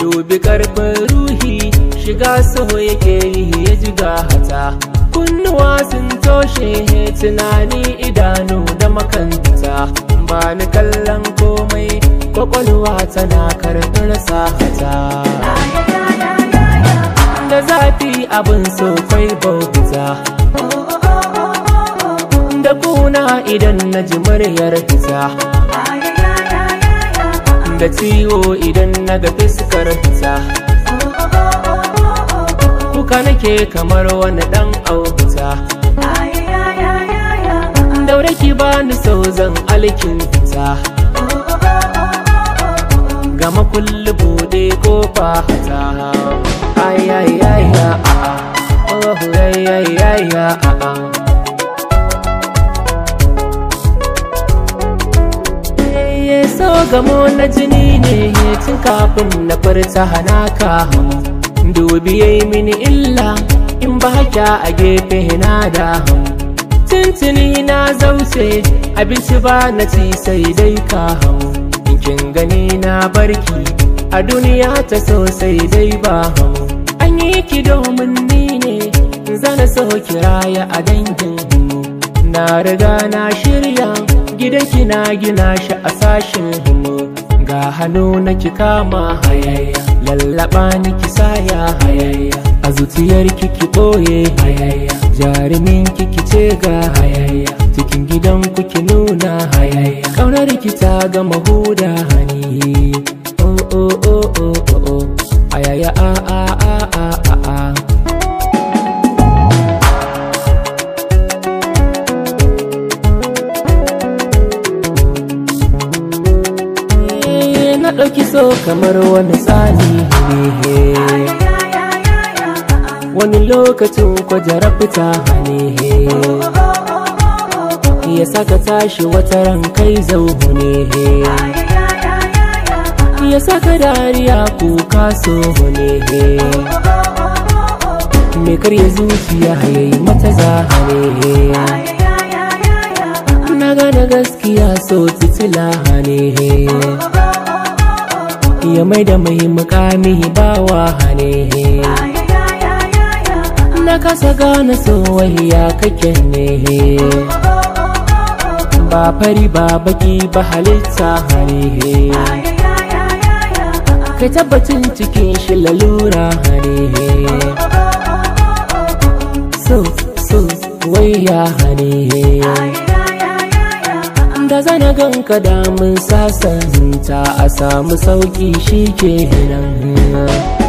dubi karfin ruhi shiga soho yake yi ya ji gahata. kunnuwa sun toshe tunani idanu da makanta ba ni kallon komai kwakwalwa tana karɓar sahata da zafi abin so kwai bauta da kuna idan na ji muryar fita da ciwo idan na ga fuskar ta kuka nake kamar wani dan auta daure ki bani sauzan alkin ta gama kullu bude kofa ta ai ai ai ya gamo na jini ne tun kafin na farta hana ka. dubi ya yi mini illa in ba haka a gefe na da tuntuni na zauce abinci ba na ci sai dai ka kin gani na barki a duniya ta sosai dai ba an yi ki domin ni ne zana so kira ya a dangin na riga na shirya gidan kina gina shi a sashin da hannu na ki kama hayayya lallaba ni ki saya hayayya a zuciyar ki ki boye hayayya jarumin ki ki ce ga hayayya cikin gidan ku ki nuna hayaya kaunar ki ta gama huda hani na ɗauki so kamar wani tsani ne wani lokacin ko jarabta ne ya saka tashi wata ran kai zauhu ne ya saka dariya kuka so ne Me karya zuciya yayi mata hanehe na gane gaskiya so titila ne ya mai da mai mukami ba hane. na kasa gane ya kake ne ba fari ba baki ba halitta hane ka tabbacin cikin shi lalura hane so so wai ya hane da zana ganka da mun sasan a samu sauki shi ke nan